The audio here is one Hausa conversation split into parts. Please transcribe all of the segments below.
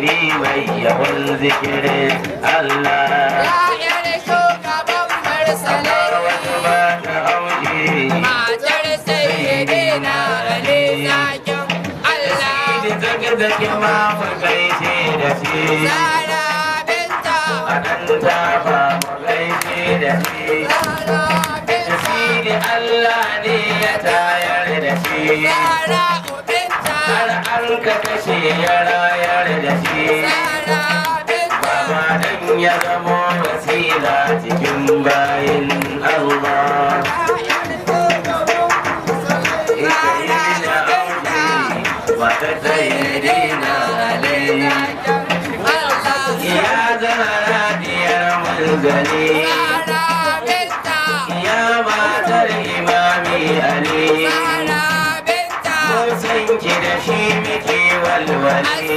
zikiri mai yawan zikirin Allah ya'yar shugaban mursalai wasu ba ta aure matar sayyidina Ali zakin Allah da zaki zaki ma mu gaishe da shi Zara binta Adanta ba mu gaishe da shi Zara binta Allah ne ya tayar da shi Zara har an ka kashe ya rayar da shi. Baba ɗan ya zamo wasila cikin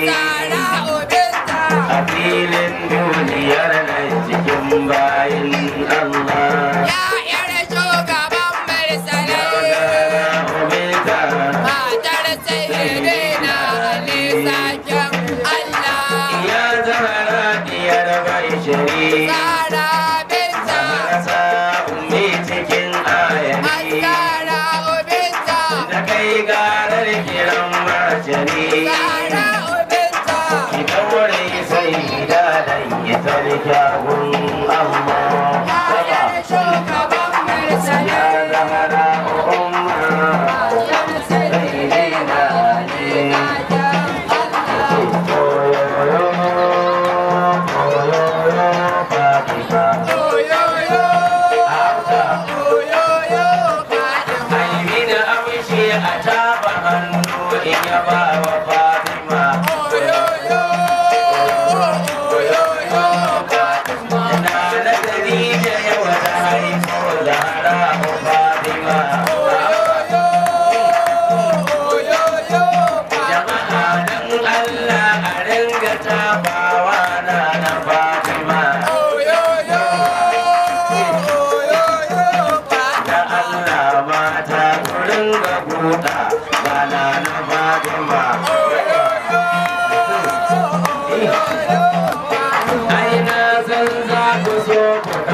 d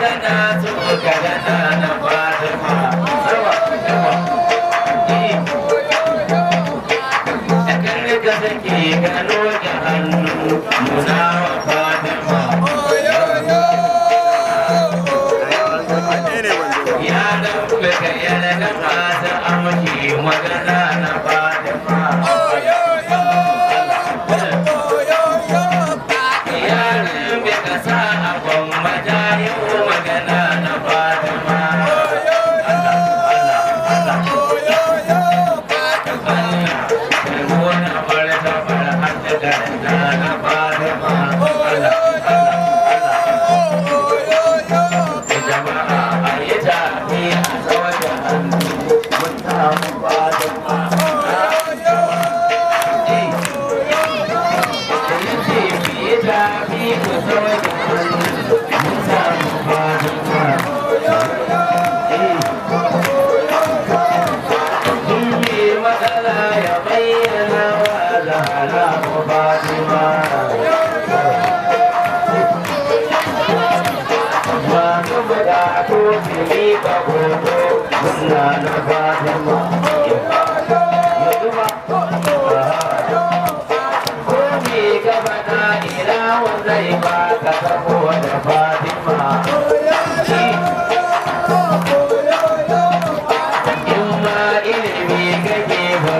da na so ka ba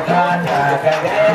Kata kata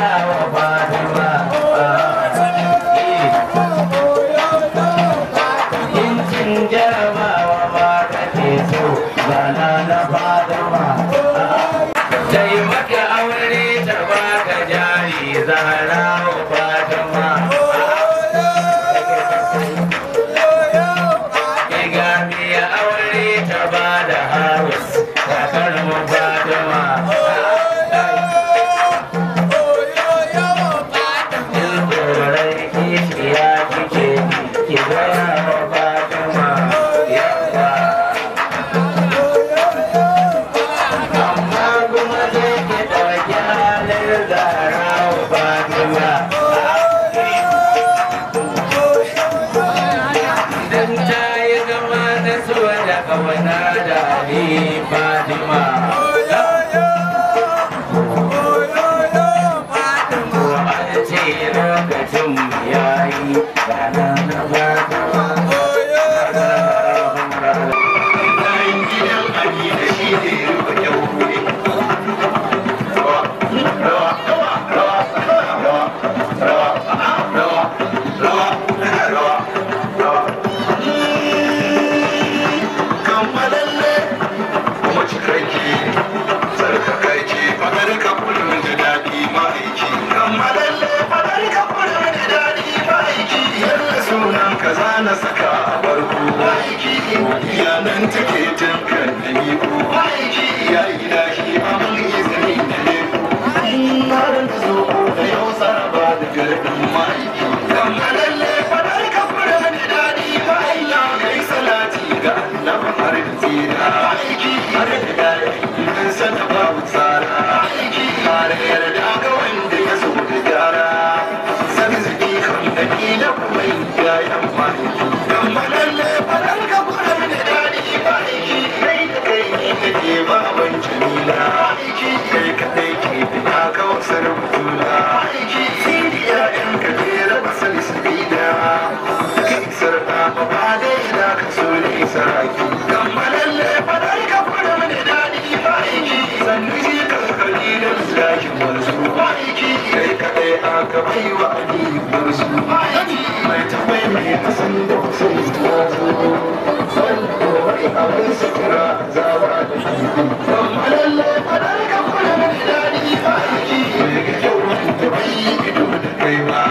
sunan ka zana saka a barko iya nan take jin kan da iko ya yi ilahi abin izini da leko tsarin da zo ko da yau saraba da garɗin ma'aiki zama lalle fadar ka fura da dadi ba ila kai salati ga annabin arziki da aiki har da daɗi sarki kammalalle fadar ga kudu ne daɗi fa'iki sannu shi kankani kai kaɗai aka bai wa alibar su mai da kusan ta abin da shi kammalalle fadar ga ne daɗi da bai kai ba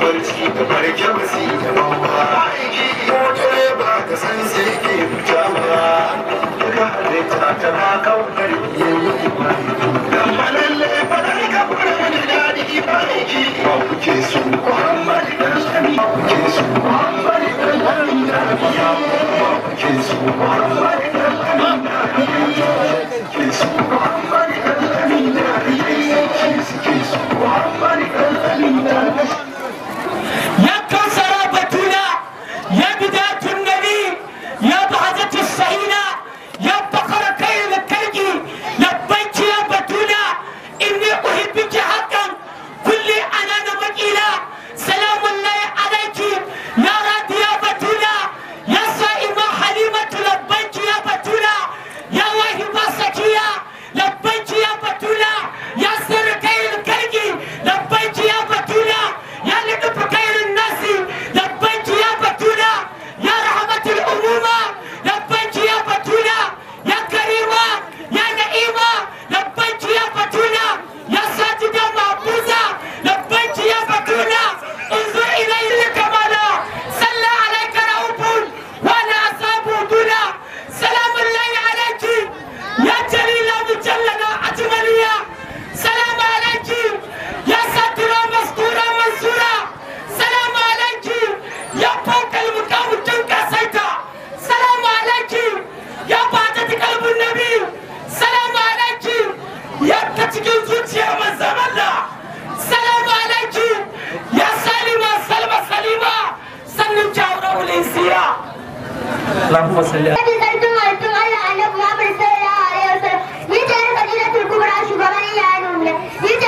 barci da farke basi da bamba aiki ko cikin zuciya manzan da salamu alaiki ya salima salma salima sannin jawurar ulinsiya Allahumma salli ala sarkin halittun Allah annabi Muhammad sallallahu alaihi wasallam shugaban iyayen mu